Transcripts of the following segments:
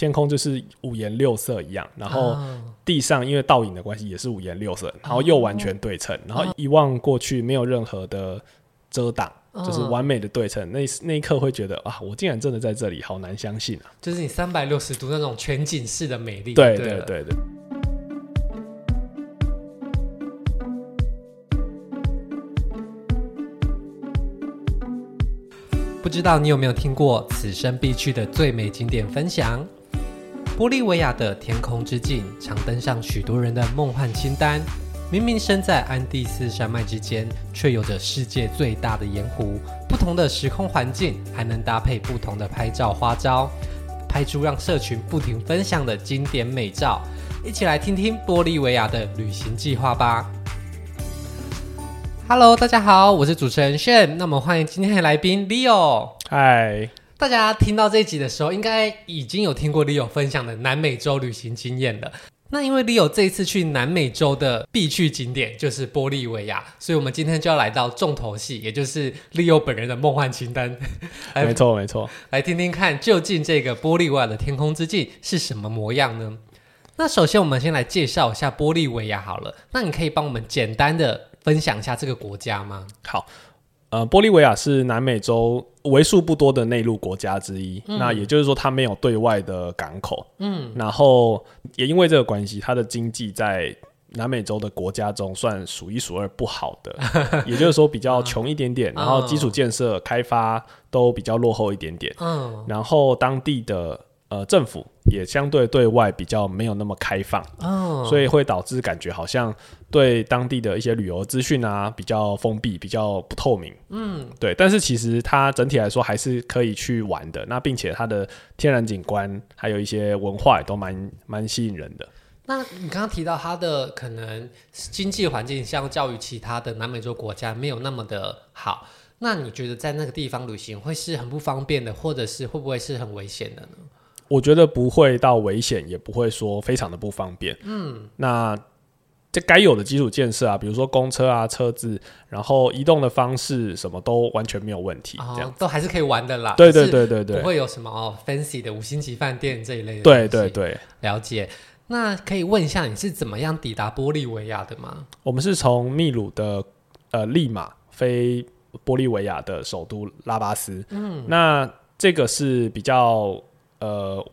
天空就是五顏六色一樣，然後地上因為倒影的關係也是五顏六色，然後又完全對稱，然後一望過去沒有任何的遮擋，就是完美的對稱。那那一刻會覺得啊，我竟然真的在這裡，好難相信啊！就是你三百六十度那種全景式的美麗。對對對對。不知道你有沒有聽過此生必去的最美景點分享？玻利維亞的天空之鏡，常登上許多人的夢幻清單。明明身在安地斯山脈之間，卻有着世界最大的鹽湖。不同的時空環境，還能搭配不同的拍照花招，拍出讓社群不停分享的經典美照。一起來聽聽玻利維亞的旅行計劃吧。Hello，大家好，我是主持人炫。那麼歡迎今天的來賓 Leo。嗨。大家聽到這一集的時候，應該已經有聽過 Leo 分享的南美洲旅行經驗了。那因為 Leo 這一次去南美洲的必去景點就是玻利維亞，所以我們今天就要來到重頭戲，也就是 Leo 本人的夢幻清單。沒錯，沒錯，來聽聽看，究竟這個玻利維亞的天空之鏡是什麼模樣呢？那首先，我們先來介紹一下玻利維亞好了。那你可以幫我們簡單的分享一下這個國家嗎？好。呃，玻利維亞是南美洲為數不多的內陸國家之一，嗯、那也就是說它沒有對外的港口。嗯，然後也因為這個關係，它的經濟在南美洲的國家中算數一數二不好的， 也就是說比較窮一點點， 然後基礎建設、oh. 開發都比較落後一點點。嗯，oh. 然後當地的。呃，政府也相對對外比較沒有那麼開放，哦，所以會導致感覺好像對當地的一些旅遊資訊啊比較封閉，比較不透明，嗯，對。但是其實它整體來說還是可以去玩的，那並且它的天然景觀還有一些文化也都蠻蠻吸引人的。那你剛剛提到它的可能經濟環境相較於其他的南美洲國家沒有那麼的好，那你覺得在那個地方旅行會是很不方便的，或者是會不會是很危險的呢？我覺得不會到危險，也不會說非常的不方便。嗯，那這該有的基礎建設啊，比如說公車啊、車子，然後移動的方式，什麼都完全沒有問題，這樣、哦、都還是可以玩的啦。對對對對，對，對不會有什麼哦，fancy 的五星級飯店這一類的。對，對對對，了解。那可以問一下，你是怎麼樣抵達玻利維亞的嗎？我們是從秘魯的呃利馬飛玻利維亞的首都拉巴斯。嗯，那這個是比較。呃，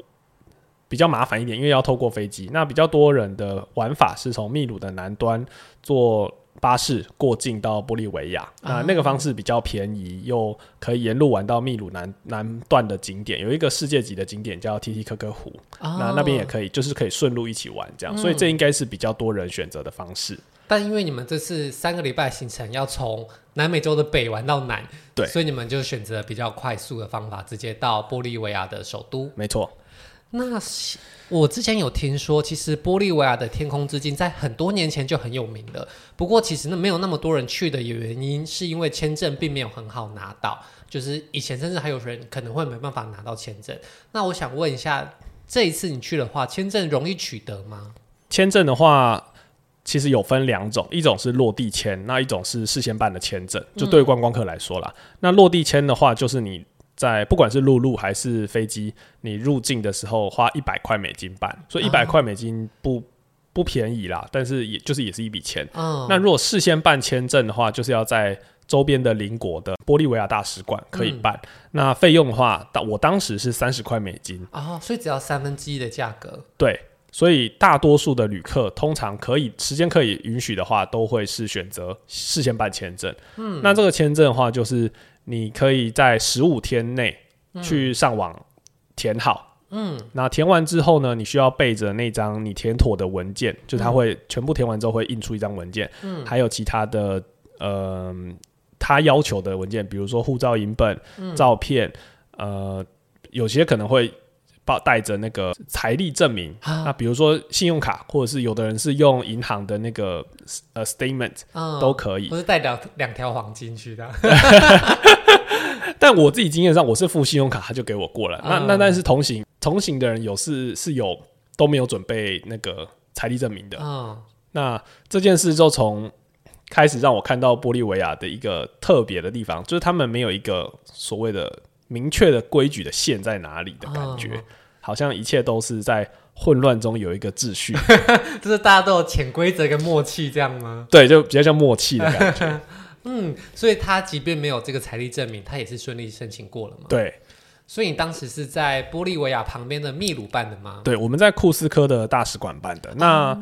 比較麻煩一點，因為要透過飛機。那比較多人的玩法是從秘魯的南端坐巴士過境到玻利維亞，嗯、那那個方式比較便宜，又可以沿路玩到秘魯南南段的景點。有一個世界級的景點叫提提科科湖，哦、那那邊也可以，就是可以順路一起玩這樣。嗯、所以這應該是比較多人選擇的方式。但因為你們這次三個禮拜行程要從南美洲的北玩到南，對，所以你們就選擇比較快速的方法，直接到玻利維亞的首都。沒錯。那我之前有聽說，其實玻利維亞的天空之鏡在很多年前就很有名了。不過其實呢，沒有那麼多人去的原因，是因為簽證並沒有很好拿到，就是以前甚至還有人可能會沒辦法拿到簽證。那我想問一下，這一次你去的話，簽證容易取得嗎？簽證的話。其實有分兩種，一種是落地簽，那一種是事先辦的簽證。就對觀光客來說啦，嗯、那落地簽的話，就是你在不管是陸路還是飛機，你入境的時候花一百塊美金辦，所以一百塊美金不，哦，不便宜啦，但是也就是也是一筆錢。哦、那如果事先辦簽證的話，就是要在周邊的鄰國的玻利維亞大使館可以辦。嗯、那費用的話，當我當時是三十塊美金啊、哦，所以只要三分之一的價格。對。所以大多數的旅客，通常可以時間可以允許的話，都會是選擇事先辦簽證。嗯，那這個簽證的話，就是你可以在十五天內去上網填好。嗯，嗯，那填完之後呢，你需要背着那張你填妥的文件，嗯、就他會全部填完之後會印出一張文件。嗯，還有其他的呃、他要求的文件，比如說護照影本、嗯、照片，呃，有些可能會。帶帶着那個財力證明，啊、那比如說信用卡，或者是有的人是用銀行的那個呃 statement、嗯、都可以。我是帶了兩條黃金去的、啊。 但我自己經驗上，我是付信用卡，他就給我過了。嗯、那那但是同行，同行的人有是是有都沒有準備那個財力證明的。嗯、那這件事就從開始讓我看到玻利維亞的一個特別的地方，就是他們沒有一個所謂的。明確的規矩的線在哪裡的感覺，哦、好像一切都是在混亂中有一個秩序， 就是大家都有潛規則跟默契這樣嗎？對，就比較像默契的感覺。嗯，所以他即便沒有這個財力證明，他也是順利申請過了嘛。對，所以你當時是在玻利維亞旁邊的秘魯辦的嗎？對，我們在庫斯科的大使館辦的。那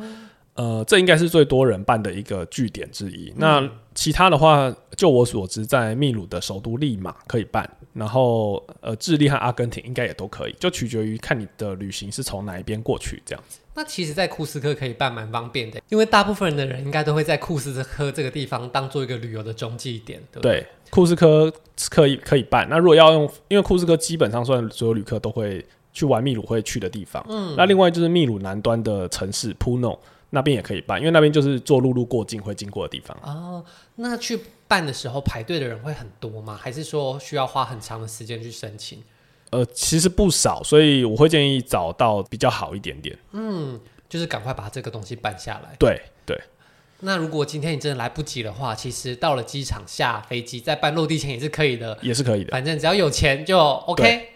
呃，這應該是最多人辦的一個據點之一。嗯、那。其他的話，就我所知，在秘魯的首都利馬可以辦，然後呃，智利和阿根廷應該也都可以，就取決於看你的旅行是從哪一邊過去這樣子。那其實，在庫斯科可以辦蠻方便的，因為大部分人的人應該都會在庫斯科這個地方當做一個旅遊的中繼點。對，對，庫斯科可以可以辦。那如果要用，因為庫斯科基本上算所有旅客都會去玩秘魯會去的地方。嗯。那另外就是秘魯南端的城市普諾，那邊也可以辦，因為那邊就是坐陸路過境會經過的地方哦。那去辦的時候，排隊的人會很多嗎？還是說需要花很長的時間去申請？呃，其實不少，所以我會建議找到比較好一點點。嗯，就是趕快把這個東西辦下來。對對。對，那如果今天你真的來不及的話，其實到了機場下飛機再辦落地簽也是可以的，也是可以的。反正只要有錢就 OK。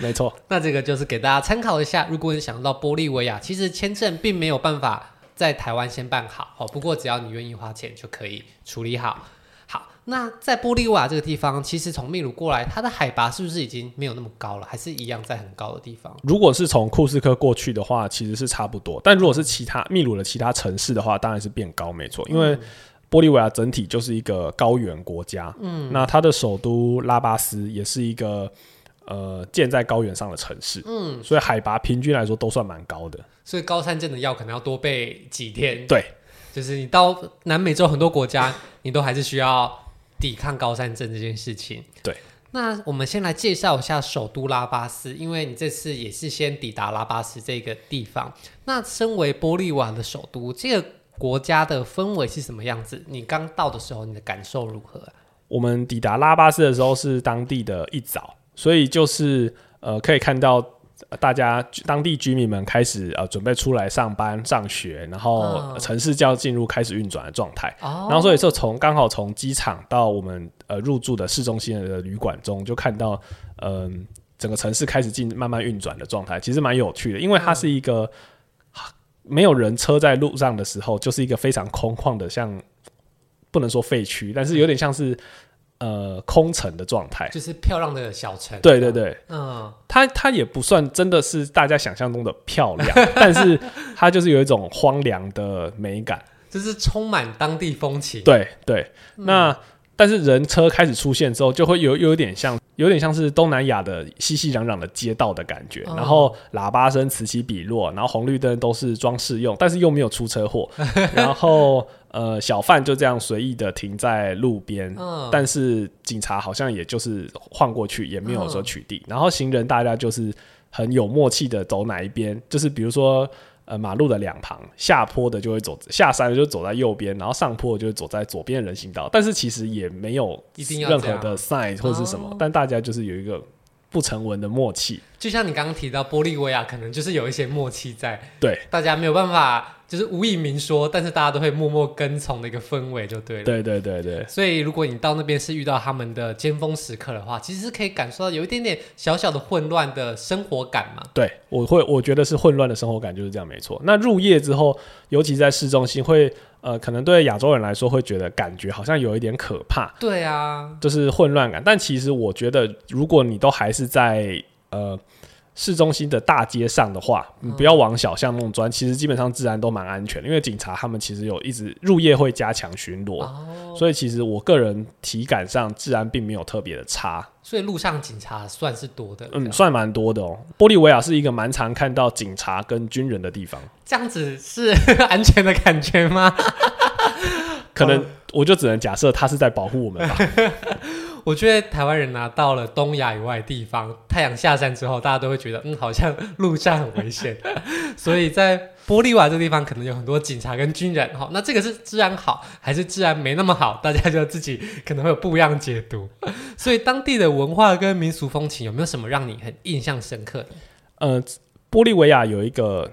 沒錯。 那這個就是給大家參考一下。如果你想到玻利維亞，其實簽證並沒有辦法。在台灣先辦好哦，不過只要你願意花錢，就可以處理好。好，那在玻利維亞這個地方，其實從秘魯過來，它的海拔是不是已經沒有那麼高了？還是一樣在很高的地方？如果是從庫斯科過去的話，其實是差不多。但如果是其他，秘魯的其他城市的話，當然是變高，沒錯。因爲玻利維亞整體就是一個高原國家，嗯，那它的首都拉巴斯也是一個。呃，建在高原上的城市，嗯，所以海拔平均來說都算蠻高的，所以高山症的藥可能要多備幾天。對，就是你到南美洲很多國家， 你都還是需要抵抗高山症這件事情。對，那我們先來介紹一下首都拉巴斯，因為你這次也是先抵達拉巴斯這個地方。那身為玻利維亞的首都，這個國家的氛圍是什麼樣子？你剛到的時候，你的感受如何啊？我們抵達拉巴斯的時候是當地的一早，所以就是呃，可以看到，呃、大家當地居民們開始呃準備出來上班、上學，然後、嗯呃、城市就要進入開始運轉的狀態。哦、然後所以說，從剛好從機場到我們呃入住的市中心的旅館中，就看到嗯、呃、整個城市開始進慢慢運轉的狀態，其實蠻有趣的。因為它是一個、嗯啊、沒有人車在路上的時候，就是一個非常空曠的像，像不能說廢墟，但是有點像是。嗯呃，空城的狀態就是漂亮的小城。對對對，嗯，它它也不算真的是大家想象中的漂亮， 但是它就是有一種荒涼的美感，就是充滿當地風情。對對，對嗯、那但是人車開始出現之後，就會有有點像有點像是東南亞的熙熙攘攘的街道的感覺，嗯、然後喇叭聲此起彼落，然後紅綠燈都是裝飾用，但是又沒有出車禍， 然後。呃，小販就這樣隨意的停在路邊，嗯、但是警察好像也就是晃過去，也沒有說取締。嗯、然後行人大家就是很有默契的走哪一邊，就是比如說呃馬路的兩旁，下坡的就會走下山的就走在右邊，然後上坡的就會走在左邊人行道。但是其實也沒有任何的 sign 或是什麼，Wow 但大家就是有一個不成文的默契。就像你剛剛提到玻利維亞，可能就是有一些默契在，對，大家沒有辦法。就是無以明說，但是大家都會默默跟從的一個氛圍就對了。對對對對。所以如果你到那邊是遇到他們的尖峰時刻的話，其實是可以感受到有一點點小小的混亂的生活感嘛。對，我會我覺得是混亂的生活感就是這樣，沒錯。那入夜之後，尤其在市中心會，會呃，可能對亞洲人來說會覺得感覺好像有一點可怕。對啊，就是混亂感。但其實我覺得，如果你都還是在呃。市中心的大街上的話，你不要往小巷弄鑽，嗯，其實基本上治安都蠻安全的，因為警察他們其實有一直入夜會加強巡邏，哦，所以其實我個人體感上治安並沒有特別的差。所以路上警察算是多的，嗯，算蠻多的哦。玻利維亞是一個蠻常看到警察跟軍人的地方，這樣子是安全的感覺嗎？ 可能我就只能假設他是在保護我們吧。 我覺得台灣人呢、啊，到了東亞以外的地方，太陽下山之後，大家都會覺得，嗯，好像路上很危險， 所以在玻利瓦這個地方可能有很多警察跟軍人好、哦，那這個是治安好，還是治安沒那麼好？大家就自己可能會有不一樣解讀。所以當地的文化跟民俗風情有沒有什麼讓你很印象深刻的？呃，玻利維亞有一個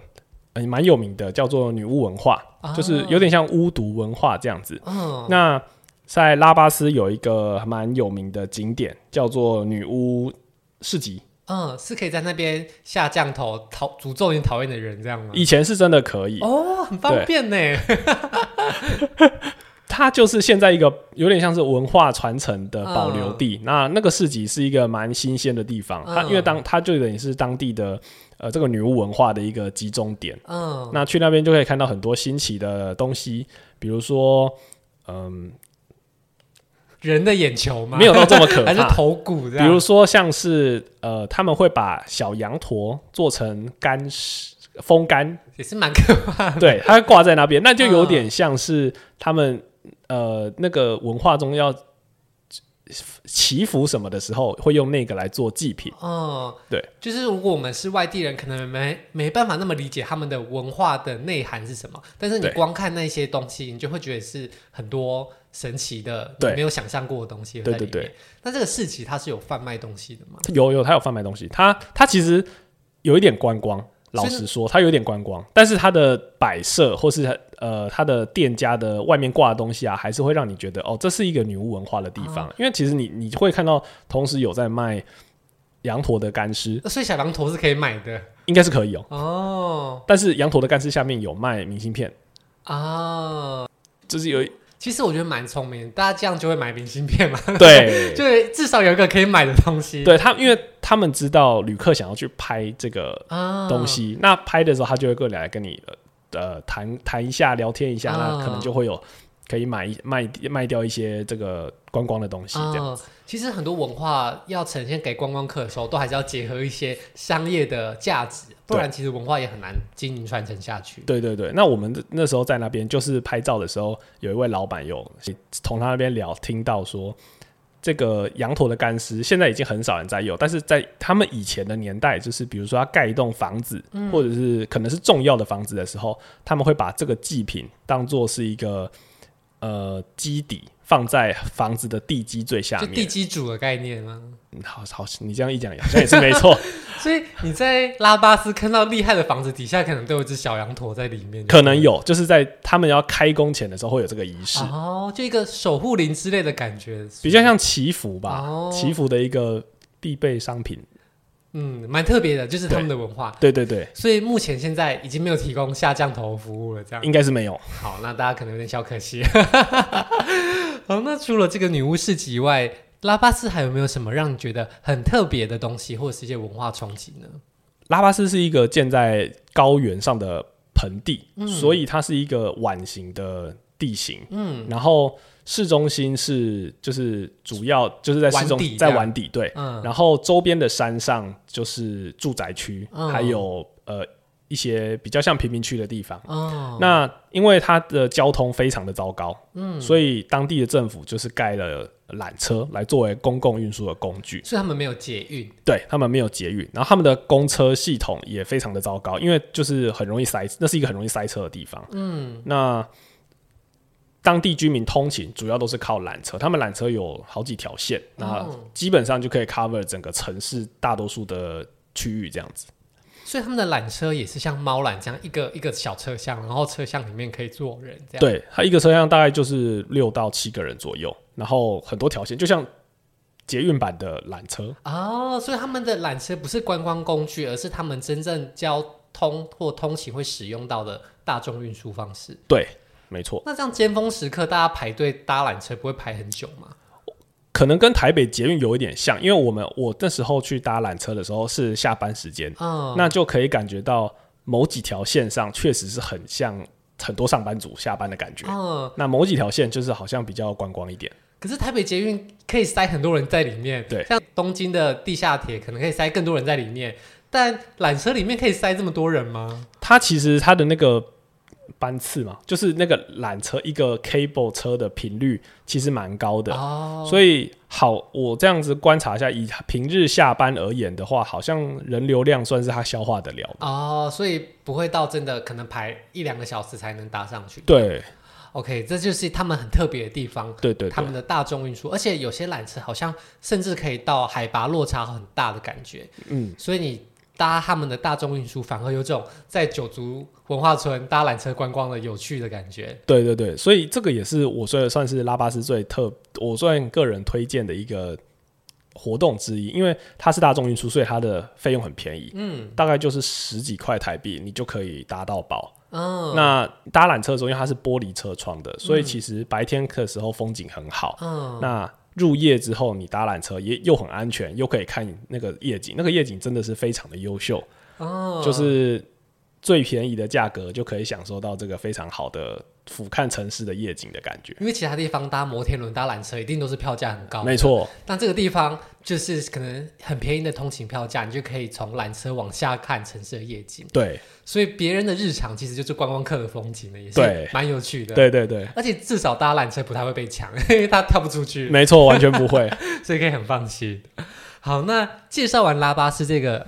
嗯，蠻、呃、有名的叫做女巫文化，啊、就是有點像巫毒文化這樣子。嗯、啊，那。在拉巴斯有一個蠻有名的景點，叫做女巫市集。嗯，是可以在那邊下降頭，討詛咒你討厭的人這樣嗎？以前是真的可以哦，很方便呢。對 它就是現在一個有點像是文化傳承的保留地。嗯、那那個市集是一個蠻新鮮的地方，嗯、它因為當它就等於是當地的呃這個女巫文化的一個集中點。嗯，那去那邊就可以看到很多新奇的東西，比如說嗯。人的眼球嗎？沒有到這麼可怕，還是頭骨的。比如說，像是呃，他們會把小羊駝做成乾風乾，也是蠻可怕的。對，它會掛在那邊，那就有點像是他們、嗯、呃那個文化中要祈福什麼的時候，會用那個來做祭品。嗯，對，就是如果我們是外地人，可能沒沒辦法那麼理解他們的文化的內涵是什麼，但是你光看那些東西，你就會覺得是很多。神奇的，沒有想象過的東西。對。對對對。那這個市集它是有販賣東西的嗎？有有，它有販賣東西。它它其實有一點觀光，老實說，它有一點觀光。但是它的擺設或是呃它的店家的外面掛的東西啊，還是會讓你覺得哦，這是一個女巫文化的地方。啊、因為其實你你會看到，同時有在賣羊駝的乾屍。所以小羊駝是可以買的，應該是可以、喔、哦。哦。但是羊駝的乾屍下面有賣明信片啊，哦、就是有。其實我覺得蠻聰明，大家這樣就會買明信片嘛。對， 就至少有一個可以買的東西。對他，因為他們知道旅客想要去拍這個東西，啊、那拍的時候他就會過來跟你呃談談一下，聊天一下，啊、那可能就會有可以買一賣賣掉一些這個觀光的東西。這樣、啊，其實很多文化要呈現給觀光客的時候，都還是要結合一些商業的價值。不然，其實文化也很難經營傳承下去。對對對，那我們那時候在那邊，就是拍照的時候，有一位老闆有同他那邊聊，聽到說，這個羊駝的乾屍現在已經很少人在用，但是在他們以前的年代，就是比如說他蓋一棟房子，嗯、或者是可能是重要的房子的時候，他們會把這個祭品當做是一個。呃，基底放在房子的地基最下面，就地基主的概念嗎？嗯、好好，你這樣一講好像也是沒錯。 所以你在拉巴斯看到厲害的房子底下，可能都有隻小羊駝在裡面。可能有，就是在他們要開工前的時候會有這個儀式哦，就一個守護靈之類的感覺，比較像祈福吧，哦、祈福的一個必備商品。嗯，蠻特別的，就是他們的文化。對，對對對。所以目前現在已經沒有提供下降頭服務了，這樣。應該是沒有。好，那大家可能有點小可惜。 好，那除了這個女巫市集以外，拉巴斯還有沒有什麼讓你覺得很特別的東西，或者是一些文化衝擊呢？拉巴斯是一個建在高原上的盆地，嗯、所以它是一個碗形的地形。嗯，然後。市中心是就是主要就是在市中玩在碗底，對，嗯、然後周邊的山上就是住宅區，嗯、還有呃一些比較像貧民區的地方。嗯、那因為它的交通非常的糟糕，嗯、所以當地的政府就是蓋了纜車來作為公共運輸的工具，所以他們沒有捷運，對，他們沒有捷運，然後他們的公車系統也非常的糟糕，因為就是很容易塞，那是一個很容易塞車的地方，嗯，那。當地居民通勤主要都是靠纜車，他們纜車有好幾條線，那、嗯、基本上就可以 cover 整個城市大多數的區域這樣子。所以他們的纜車也是像貓纜這樣一個一個小車廂，然後車廂裡面可以坐人這樣。對，它一個車廂大概就是六到七個人左右，然後很多條線，就像捷運版的纜車。哦，所以他們的纜車不是觀光工具，而是他們真正交通或通勤會使用到的大眾運輸方式。對。沒錯，那這樣尖峰時刻，大家排隊搭纜車不會排很久嗎？可能跟台北捷運有一點像，因為我們我那時候去搭纜車的時候是下班時間，嗯，那就可以感覺到某幾條線上確實是很像很多上班族下班的感覺，嗯，那某幾條線就是好像比較觀光一點。可是台北捷運可以塞很多人在裡面，對，像東京的地下鐵可能可以塞更多人在裡面，但纜車裡面可以塞這麼多人嗎？它其實它的那個。班次嘛，就是那個纜車一個 cable 車的頻率其實蠻高的，哦，所以好，我這樣子觀察一下，以平日下班而言的話，好像人流量算是它消化得了。哦，所以不會到真的可能排一兩個小時才能搭上去。對，OK，這就是他們很特別的地方。對，對對，他們的大眾運輸，而且有些纜車好像甚至可以到海拔落差很大的感覺。嗯，所以你。搭他們的大眾運輸，反而有這種在九族文化村搭纜車觀光的有趣的感覺。對對對，所以這個也是我算算是拉巴斯最特，我算個人推薦的一個活動之一，因為它是大眾運輸，所以它的費用很便宜，嗯，大概就是十幾塊台幣，你就可以搭到飽。嗯、哦，那搭纜車的時候，因為它是玻璃車窗的，所以其實白天的時候風景很好。嗯，那。入夜之後，你搭纜車也又很安全，又可以看那個夜景，那個夜景真的是非常的優秀，哦，就是最便宜的價格就可以享受到這個非常好的。俯瞰城市的夜景的感覺，因為其他地方搭摩天輪、搭纜車一定都是票價很高。沒錯。但這個地方就是可能很便宜的通勤票價，你就可以從纜車往下看城市的夜景。對，所以別人的日常其實就是觀光客的風景了，也是蠻有趣的。對,對對對，而且至少搭纜車不太會被搶，因為他跳不出去。沒錯，完全不會， 所以可以很放心。好，那介紹完拉巴斯這個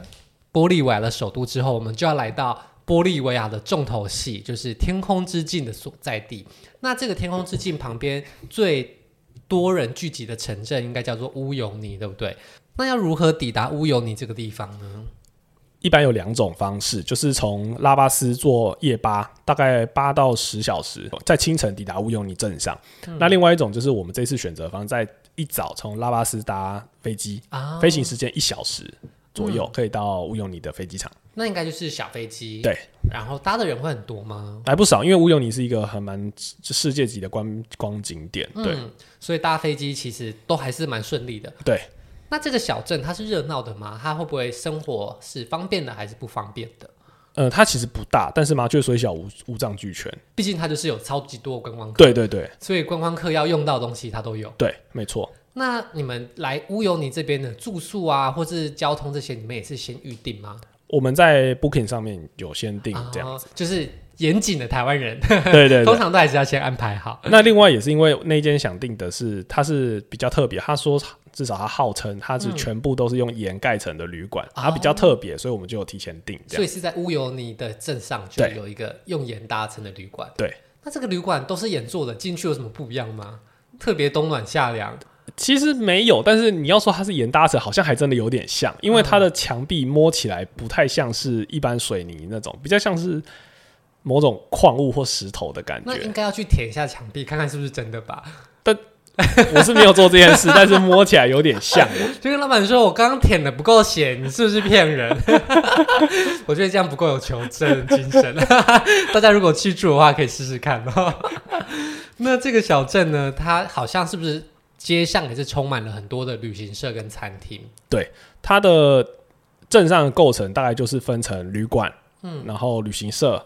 玻利維亞的首都之後，我們就要來到。玻利維亞的重頭戲就是天空之鏡的所在地。那這個天空之鏡旁邊最多人聚集的城鎮應該叫做烏尤尼，對不對？那要如何抵達烏尤尼這個地方呢？一般有兩種方式，就是從拉巴斯坐夜巴，大概八到十小時，在清晨抵達烏尤尼鎮上。嗯、那另外一種就是我們這次選擇，方在一早從拉巴斯搭飛機，啊哦、飛行時間一小時，左右可以到烏尤尼的飛機場、嗯，那應該就是小飛機。對，然後搭的人會很多嗎？還不少，因為烏尤尼是一個很蠻世界級的觀光景點。對，嗯、所以搭飛機其實都還是蠻順利的。對，那這個小鎮它是熱鬧的嗎？它會不會生活是方便的還是不方便的？呃，它其實不大，但是麻雀雖小，五五臟俱全。畢竟它就是有超級多的觀光客。對對對，所以觀光客要用到的東西，它都有。對，沒錯。那你們來烏尤尼這邊的住宿啊，或是交通這些，你們也是先預定嗎？我們在 Booking 上面有先定這樣。哦，就是嚴謹的台灣人， 對，對對，通常都還是要先安排好。那另外也是因為那間想定的是，它是比較特別，他說至少他號稱它是全部都是用鹽蓋成的旅館，嗯、它比較特別，所以我們就有提前訂這樣。所以是在烏尤尼的鎮上就有一個用鹽搭成的旅館。對，那這個旅館都是鹽做的，進去有什麼不一樣嗎？特別冬暖夏涼？其實沒有，但是你要說它是鹽搭子，好像還真的有點像，因為它的牆壁摸起來不太像是一般水泥那種，比較像是某種礦物或石頭的感覺。那應該要去舔一下牆壁，看看是不是真的吧？但我是沒有做這件事， 但是摸起來有點像。就跟老闆說，我剛剛舔的不夠鹹，你是不是騙人？ 我覺得這樣不夠有求證精神。 大家如果記住的話，可以試試看、喔。 那這個小鎮呢？它好像是不是？街上也是充滿了很多的旅行社跟餐廳。對，它的鎮上的構成大概就是分成旅館，嗯，然後旅行社，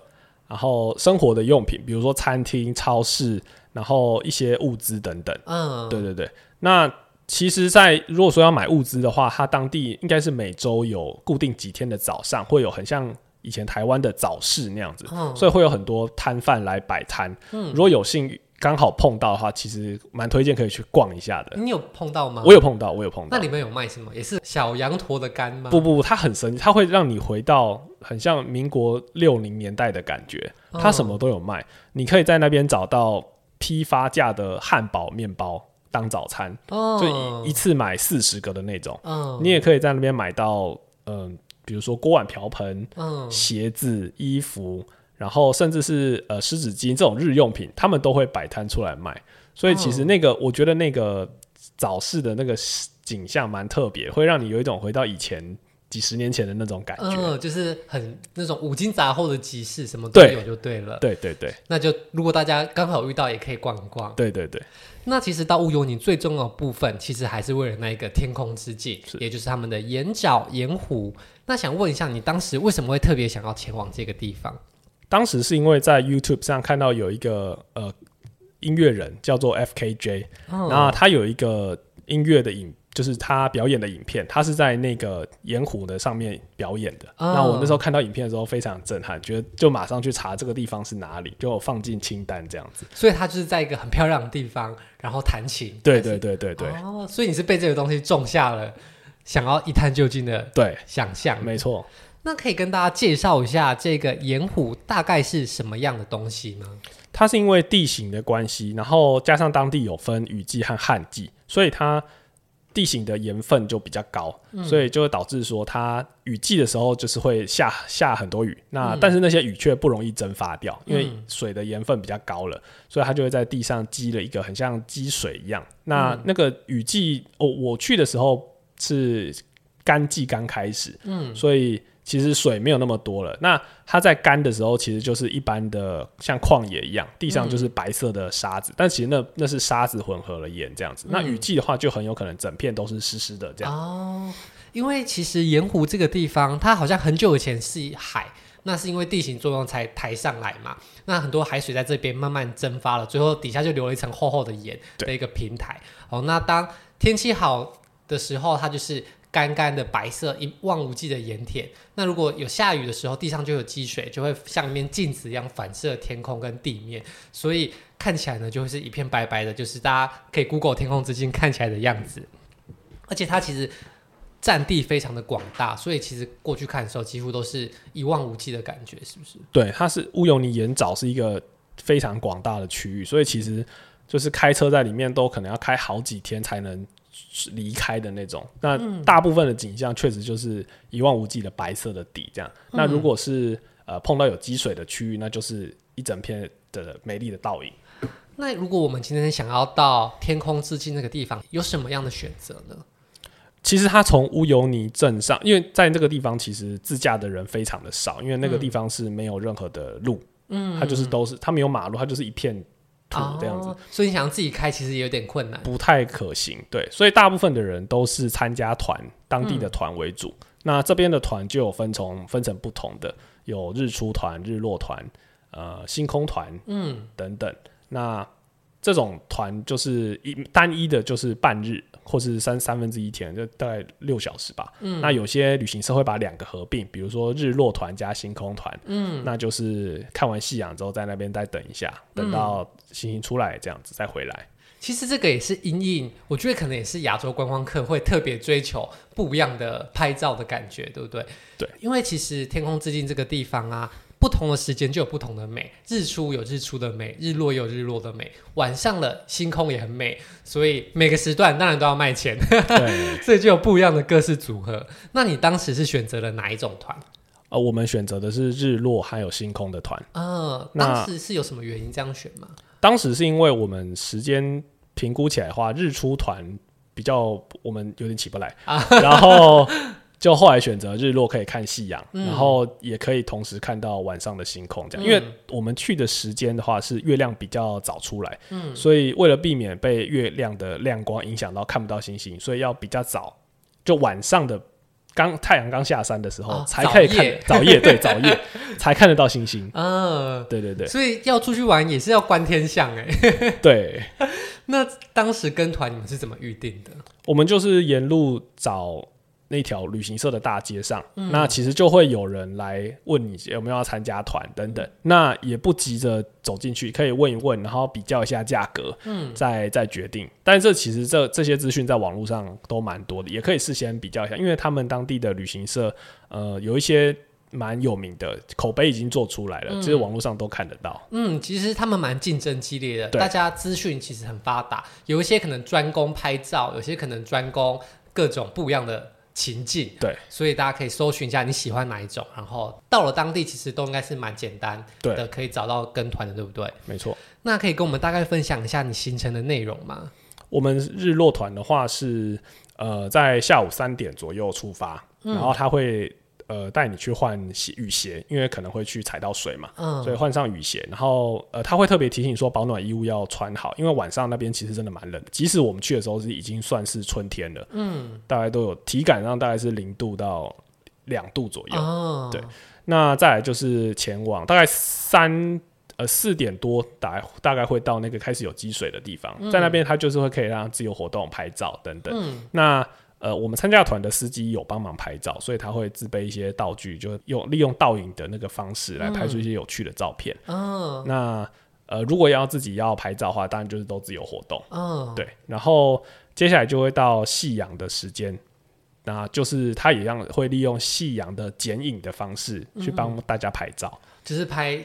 然後生活的用品，比如說餐廳、超市，然後一些物資等等。嗯，對對對。那其實在，在如果說要買物資的話，它當地應該是每周有固定幾天的早上會有很像以前台灣的早市那樣子，哦、所以會有很多攤販來擺攤。嗯，如果有幸運。剛好碰到的話，其實蠻推薦可以去逛一下的。你有碰到嗎？我有碰到，我有碰到。那裡面有賣什麼？也是小羊駝的肝嗎？不不不，它很神奇，它會讓你回到很像民國六零年代的感覺。它什麼都有賣，哦、你可以在那邊找到批發價的漢堡麵包當早餐，哦、就一次買四十個的那種。哦、你也可以在那邊買到，嗯、呃，比如說鍋碗瓢盆，哦、鞋子、衣服。然後，甚至是呃，濕紙巾這種日用品，他們都會擺攤出來賣。所以，其實那個，哦、我覺得那個早市的那個景象蠻特別，會讓你有一種回到以前幾十年前的那種感覺。嗯、呃，就是很那種五金雜貨的集市，什麼都有就對了。對，對對對，那就如果大家剛好遇到，也可以逛一逛。對對對，那其實到烏尤尼最重要的部分，其實還是為了那一個天空之鏡，是也就是他們的鹽沼、鹽湖。那想問一下，你當時為什麼會特別想要前往這個地方？當時是因為在 YouTube 上看到有一個呃音樂人叫做 F K J，哦，那他有一個音樂的影，就是他表演的影片，他是在那個鹽湖的上面表演的。哦，那我那時候看到影片的時候非常震撼，覺得就馬上去查這個地方是哪裡，就放進清單這樣子。所以他就是在一個很漂亮的地方，然後彈琴。對對對對對、對。哦，所以你是被這個東西種下了想要一探究竟的想像。對，沒錯。那可以跟大家介紹一下這個鹽湖大概是什麼樣的東西呢？它是因為地形的關係，然後加上當地有分雨季和旱季，所以它地形的鹽分就比較高，嗯、所以就會導致說它雨季的時候就是會下下很多雨，那但是那些雨卻不容易蒸發掉，因為水的鹽分比較高了，嗯、所以它就會在地上積了一個很像積水一樣。那那個雨季，我我去的時候是乾季剛開始，嗯，所以。其實水沒有那麼多了，那它在乾的時候，其實就是一般的像曠野一樣，地上就是白色的沙子。嗯、但其實那那是沙子混合了鹽這樣子。嗯、那雨季的話，就很有可能整片都是濕濕的這樣子。哦，因為其實鹽湖這個地方，它好像很久以前是海，那是因為地形作用才抬上來嘛。那很多海水在這邊慢慢蒸發了，最後底下就留了一層厚厚的鹽的一個平台。對哦，那當天氣好的時候，它就是。乾干的白色，一望無際的鹽田。那如果有下雨的時候，地上就有積水，就會像一面鏡子一樣反射天空跟地面，所以看起來呢，就會是一片白白的，就是大家可以 Google 天空之鏡看起來的樣子。而且它其實占地非常的廣大，所以其實過去看的時候，幾乎都是一望無際的感覺，是不是？對，它是烏尤尼鹽沼是一個非常廣大的區域，所以其實就是開車在裡面都可能要開好幾天才能。離開的那種，那大部分的景象確實就是一望無際的白色的底，這樣。嗯，那如果是呃碰到有積水的區域，那就是一整片的美麗的倒影。那如果我們今天想要到天空之鏡那個地方，有什麼樣的選擇呢？其實它從烏尤尼鎮上，因為在這個地方其實自駕的人非常的少，因為那個地方是沒有任何的路，嗯，它就是都是它沒有馬路，它就是一片。這樣子，哦，所以你想自己開，其實有點困難，不太可行。對，所以大部分的人都是參加團，當地的團為主。嗯、那這邊的團就有分，從分成不同的，有日出團、日落團、呃星空團，嗯等等。那這種團就是一單一的，就是半日或是三三分之一天，就大概六小時吧。嗯，那有些旅行社會把兩個合併，比如說日落團加星空團。嗯，那就是看完夕陽之後，在那邊再等一下，嗯、等到星星出來，這樣子再回來。其實這個也是因應，我覺得可能也是亞洲觀光客會特別追求不一樣的拍照的感覺，對不對？對，因為其實天空之鏡這個地方啊。不同的時間就有不同的美，日出有日出的美，日落有日落的美，晚上的星空也很美，所以每個時段當然都要賣錢，對 所以就有不一樣的各式組合。那你當時是選擇了哪一種團？呃，我們選擇的是日落還有星空的團。嗯、哦，那當時是有什麼原因這樣選嗎？當時是因為我們時間評估起來的話，日出團比較我們有點起不來，啊、然後。 就後來選擇日落可以看夕陽，嗯、然後也可以同時看到晚上的星空，這樣。因為,因為我們去的時間的話是月亮比較早出來，嗯，所以為了避免被月亮的亮光影響到看不到星星，所以要比較早，就晚上的剛太陽剛下山的時候、哦、才可以看早夜,早夜，對早夜 才看得到星星。嗯、呃，對對對，所以要出去玩也是要觀天象哎。 對， 那當時跟團你們是怎麼預定的？我們就是沿路找。那條旅行社的大街上，嗯、那其實就會有人來問你有沒有要參加團等等，那也不急着走進去，可以問一問，然後比較一下價格，嗯，再再決定。但是這其實這這些資訊在網絡上都蠻多的，也可以事先比較一下，因為他們當地的旅行社，呃，有一些蠻有名的，口碑已經做出來了，這些、嗯、網絡上都看得到。嗯，其實他們蠻競爭激烈的，對大家資訊其實很發達，有一些可能專攻拍照，有些可能專攻各種不一樣的。情境對，所以大家可以搜尋一下你喜歡哪一種，然後到了當地其實都應該是蠻簡單的，對，可以找到跟團的，對不對？沒錯。那可以跟我們大概分享一下你行程的內容嗎？我們日落團的話是呃在下午三點左右出發，嗯，然後他會。呃，帶你去換鞋、雨鞋，因為可能會去踩到水嘛，嗯、所以換上雨鞋。然後呃，他會特別提醒你說，保暖衣物要穿好，因為晚上那邊其實真的蠻冷的，即使我們去的時候是已經算是春天了，嗯，大概都有體感上大概是零度到兩度左右。哦、對，那再來就是前往，大概三呃四點多大大概會到那個開始有積水的地方，嗯、在那邊他就是會可以讓自由活動、拍照等等。嗯、那呃，我們參加團的司機有幫忙拍照，所以他會自備一些道具，就用利用倒影的那個方式來拍出一些有趣的照片。嗯哦、那、呃、如果要自己要拍照的話，當然就是都自由活動。嗯、哦，對。然後接下來就會到夕陽的時間，那就是他一樣會利用夕陽的剪影的方式去幫大家拍照，只、嗯就是拍。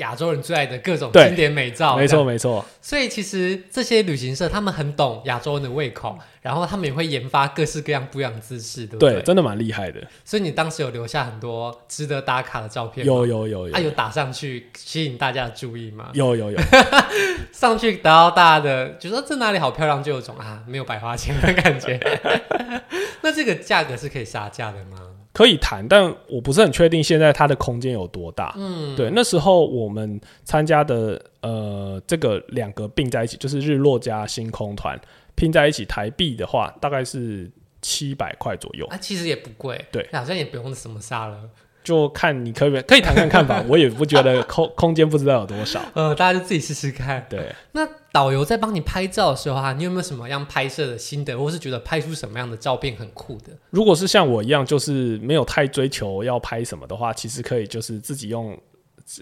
亞洲人最愛的各種經典美照，對看沒錯沒錯。所以其實這些旅行社他們很懂亞洲人的胃口，然後他們也會研發各式各樣不一樣的姿勢，對，對不對？對，真的蠻厲害的。所以你當時有留下很多值得打卡的照片？有，有有有，他有、啊、有打上去吸引大家的注意嗎？有有有，有有 上去得到大家的，覺得這哪裡好漂亮，就有種啊沒有白花錢的感覺。 那這個價格是可以殺價的嗎？可以談，但我不是很確定現在它的空間有多大。嗯，對，那時候我們參加的呃，這個兩個併在一起，就是日落加星空團拼在一起台幣的話，大概是七百塊左右。啊，其實也不貴，對，那好像也不用什麼殺了。就看你可不可以，可以談談看，看，看法。 我也不覺得空 空間不知道有多少。呃，大家就自己試試看。對，那導遊在幫你拍照的時候啊，你有沒有什麼樣拍攝的心得，或是覺得拍出什麼樣的照片很酷的？如果是像我一樣，就是沒有太追求要拍什麼的話，其實可以就是自己用。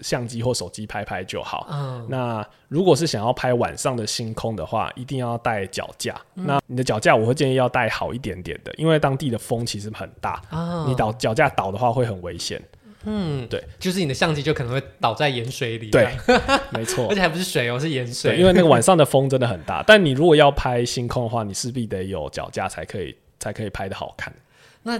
相機或手機拍拍就好。嗯、哦，那如果是想要拍晚上的星空的話，一定要帶腳架。嗯、那你的腳架，我會建議要帶好一點點的，因為當地的風其實很大，哦，你倒腳架倒的話會很危險。嗯，對，就是你的相機就可能會倒在鹽水裡。對，沒錯， 而且還不是水哦，喔，是鹽水。因為那個晚上的風真的很大。 但你如果要拍星空的話，你勢必得有腳架才可以，才可以拍得好看。那。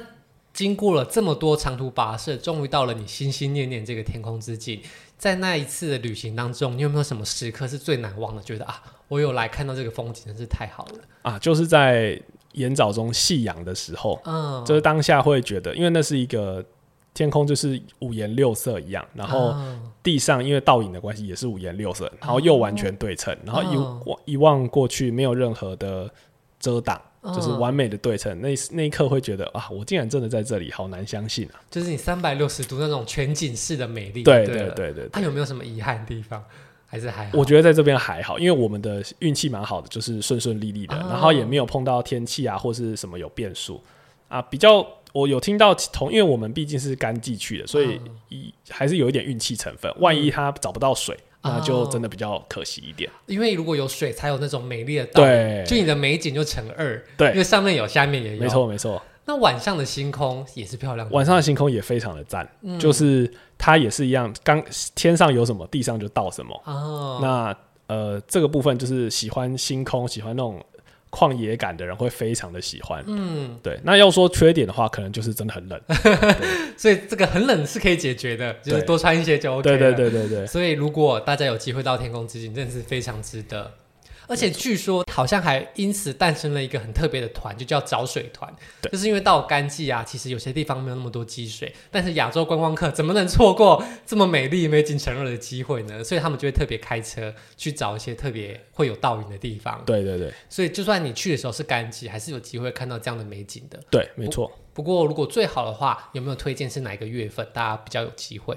經過了這麼多長途跋涉，終於到了你心心念念這個天空之鏡。在那一次的旅行當中，你有沒有什麼時刻是最難忘的？覺得啊，我有來看到這個風景，真是太好了啊！就是在鹽沼中夕陽的時候，嗯，就是當下會覺得，因為那是一個天空，就是五顏六色一樣，然後地上、嗯、因為倒影的關係也是五顏六色，然後又完全對稱，哦、然後一望、哦、一望過去沒有任何的遮擋。就是完美的對稱，哦、那那一刻會覺得啊，我竟然真的在這裡，好難相信啊！就是你三百六十度那種全景式的美麗，對了。對，對對對對。它有沒有什麼遺憾的地方？還是還好？我覺得在這邊還好，因為我們的運氣蠻好的，就是順順利利的，哦、然後也沒有碰到天氣啊或是什麼有變數啊。比較我有聽到同，因為我們畢竟是乾季去的，所以一還是有一點運氣成分。萬一它找不到水。嗯那就真的比較可惜一點，哦、因為如果有水，才有那種美麗的倒影。對，就你的美景就乘二，對，因為上面有，下面也有。沒錯，沒錯。那晚上的星空也是漂亮的，晚上的星空也非常的贊，嗯、就是它也是一樣，剛天上有什麼，地上就倒什麼。哦，那呃，這個部分就是喜歡星空，喜歡那種。曠野感的人會非常的喜歡，嗯，對。那要說缺點的話，可能就是真的很冷， 所以這個很冷是可以解決的，就是多穿一些就 OK。對對對對，對，對。所以如果大家有機會到天空之鏡，真的是非常值得。而且據說好像還因此誕生了一個很特別的團，就叫找水團。對，就是因為到乾季啊，其實有些地方沒有那麼多積水，但是亞洲觀光客怎麼能錯過這麼美麗美景成熱的機會呢？所以他們就會特別開車去找一些特別會有倒影的地方。對對對，所以就算你去的時候是乾季，還是有機會看到這樣的美景的。對，沒錯。不，不過如果最好的話，有沒有推薦是哪一個月份大家比較有機會？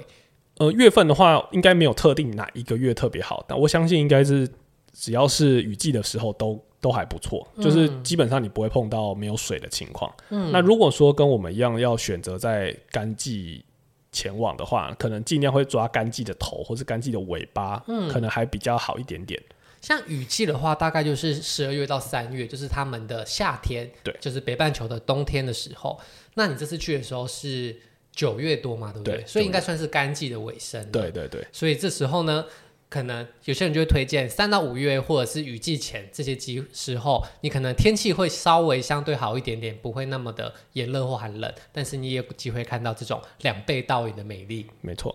呃，月份的話，應該沒有特定哪一個月特別好，但我相信應該是。只要是雨季的時候都、都都還不錯，嗯、就是基本上你不會碰到沒有水的情況。嗯，那如果說跟我們一樣要選擇在乾季前往的話，可能盡量會抓乾季的頭或是乾季的尾巴，嗯，可能還比較好一點點。像雨季的話，大概就是十二月到三月，就是他們的夏天，對，就是北半球的冬天的時候。那你這次去的時候是九月多嘛，對不對？對，所以應該算是乾季的尾聲。對對對，所以這時候呢。可能有些人就會推薦三到五月，或者是雨季前這些季時候，你可能天氣會稍微相對好一點點，不會那麼的炎熱或寒冷，但是你也有機會看到這種兩倍倒影的美麗。沒錯。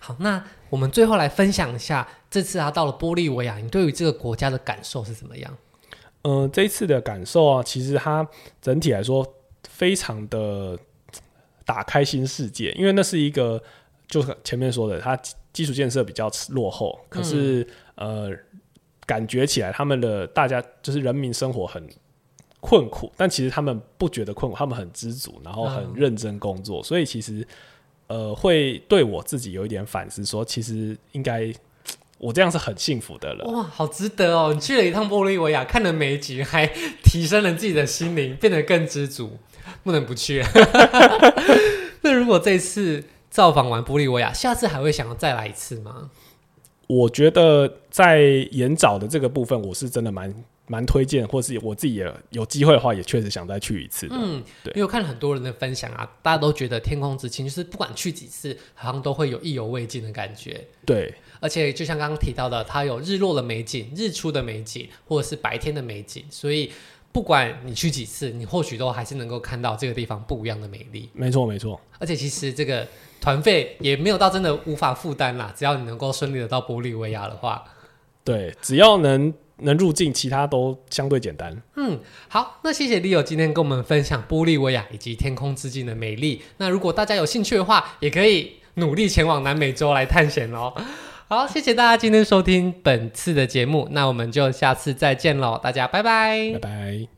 好，那我們最後來分享一下，這次啊到了玻利維亞，你對於這個國家的感受是怎麼樣？嗯、呃，這一次的感受啊，其實它整體來說非常的打開新世界，因為那是一個。就前面說的，他基礎建設比較落後，可是，嗯、呃，感覺起來他們的大家就是人民生活很困苦，但其實他們不覺得困苦，他們很知足，然後很認真工作，嗯、所以其實呃，會對我自己有一點反思說，說其實應該我這樣是很幸福的了。哇，好值得哦！你去了一趟玻利維亞，看了美景，還提升了自己的心靈，變得更知足，不能不去。 那如果這次，造訪完玻利維亞，下次還會想要再來一次嗎？我覺得在鹽沼的這個部分，我是真的蠻蠻推薦，或是我自己也有機會的話，也確實想再去一次。嗯，對，因為我看了很多人的分享啊，大家都覺得天空之鏡就是不管去幾次，好像都會有意猶未盡的感覺。對，而且就像剛剛提到的，它有日落的美景、日出的美景，或者是白天的美景，所以不管你去幾次，你或許都還是能夠看到這個地方不一樣的美麗。沒錯，沒錯，而且其實這個。團費也沒有到真的無法負擔啦，只要你能夠順利的到玻利維亞的話，對，只要能能入境，其他都相對簡單。嗯，好，那謝謝 Leo 今天跟我們分享玻利維亞以及天空之鏡的美麗。那如果大家有興趣的話，也可以努力前往南美洲來探險哦。好，謝謝大家今天收聽本次的節目，那我們就下次再見嘍，大家拜拜，拜拜。